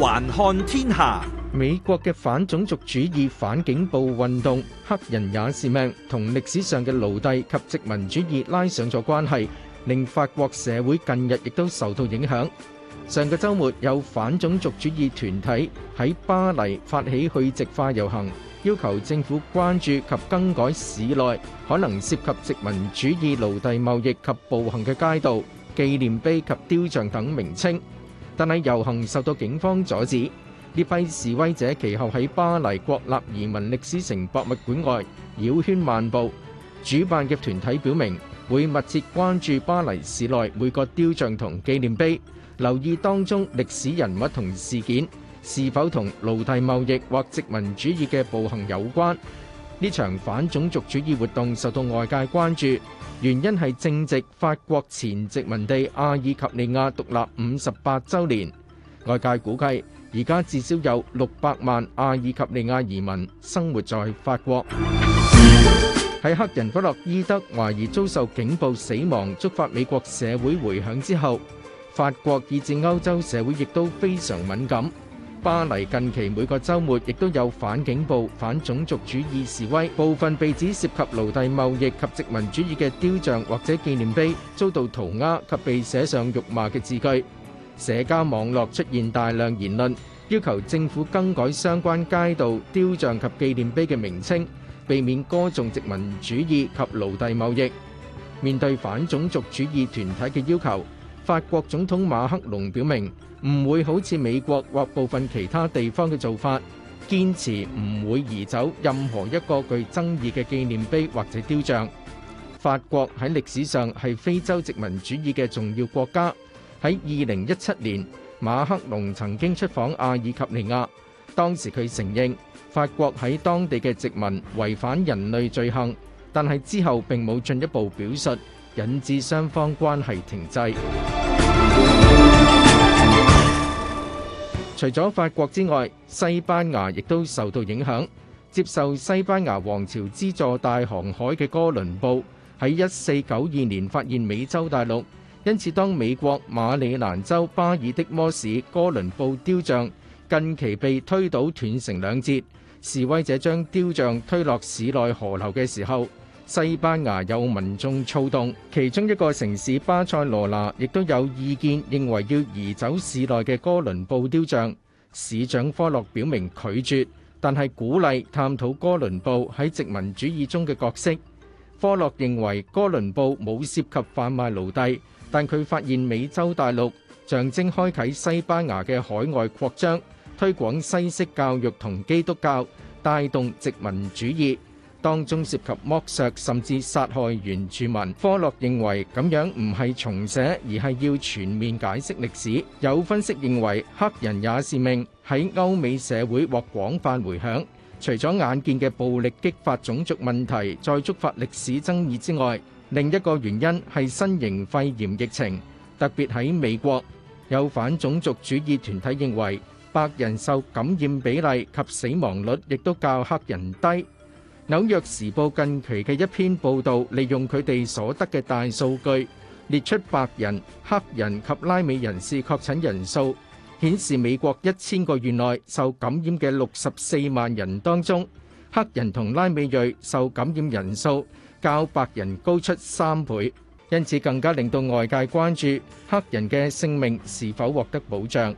環看天下，美國嘅反種族主義反警暴運動，黑人也是命，同歷史上嘅奴隸及殖民主義拉上咗關係，令法國社會近日亦都受到影響。上個周末有反種族主義團體喺巴黎發起去殖化遊行，要求政府關注及更改市內可能涉及殖民主義、奴隸貿易及暴行嘅街道、紀念碑及雕像等名稱。但係遊行受到警方阻止，一批示威者其後喺巴黎國立移民歷史城博物館外繞圈漫步。主辦嘅團體表明會密切關注巴黎市內每個雕像同紀念碑，留意當中歷史人物同事件是否同奴隸貿易或殖民主義嘅暴行有關。呢場反種族主義活動受到外界關注，原因係正值法國前殖民地阿爾及利亞獨立五十八週年。外界估計，而家至少有六百萬阿爾及利亞移民生活在法國。喺黑人弗洛伊德懷疑遭受警暴死亡，觸發美國社會迴響之後，法國以至歐洲社會亦都非常敏感。巴黎近期每個週末亦都有反警暴、反種族主義示威，部分被指涉及奴隸貿易及殖民主義嘅雕像或者紀念碑遭到塗鴉及被寫上辱罵嘅字句。社交網絡出現大量言論，要求政府更改相關街道、雕像及紀念碑嘅名稱，避免歌頌殖民主義及奴隸貿易。面對反種族主義團體嘅要求，法國總統馬克龍表明唔會好似美國或部分其他地方嘅做法，堅持唔會移走任何一個具爭議嘅紀念碑或者雕像。法國喺歷史上係非洲殖民主義嘅重要國家。喺2017年，馬克龍曾經出訪阿爾及利亞，當時佢承認法國喺當地嘅殖民違反人類罪行，但係之後並冇進一步表述，引致雙方關係停滯。除咗法國之外，西班牙亦都受到影響。接受西班牙王朝資助大航海嘅哥倫布，喺一四九二年發現美洲大陸。因此，當美國馬里蘭州巴爾的摩市哥倫布雕像近期被推倒斷成兩截，示威者將雕像推落市內河流嘅時候。西班牙有民眾躁動，其中一個城市巴塞羅那亦都有意見認為要移走市內嘅哥倫布雕像。市長科洛表明拒絕，但係鼓勵探討哥倫布喺殖民主義中嘅角色。科洛認為哥倫布冇涉及販賣奴隸，但佢發現美洲大陸象徵開啓西班牙嘅海外擴張，推廣西式教育同基督教，帶動殖民主義。當中涉及剝削，甚至殺害原住民。科洛認為咁樣唔係重寫，而係要全面解釋歷史。有分析認為黑人也是命喺歐美社會獲廣泛迴響。除咗眼見嘅暴力激發種族問題，再觸發歷史爭議之外，另一個原因係新型肺炎疫情，特別喺美國，有反種族主義團體認為白人受感染比例及死亡率亦都較黑人低。紐約時報近期嘅一篇報道，利用佢哋所得嘅大數據，列出白人、黑人及拉美人士確診人數顯示，美國一千個月內受感染嘅六十四萬人當中，黑人同拉美裔受感染人數較白人高出三倍，因此更加令到外界關注黑人嘅性命是否獲得保障。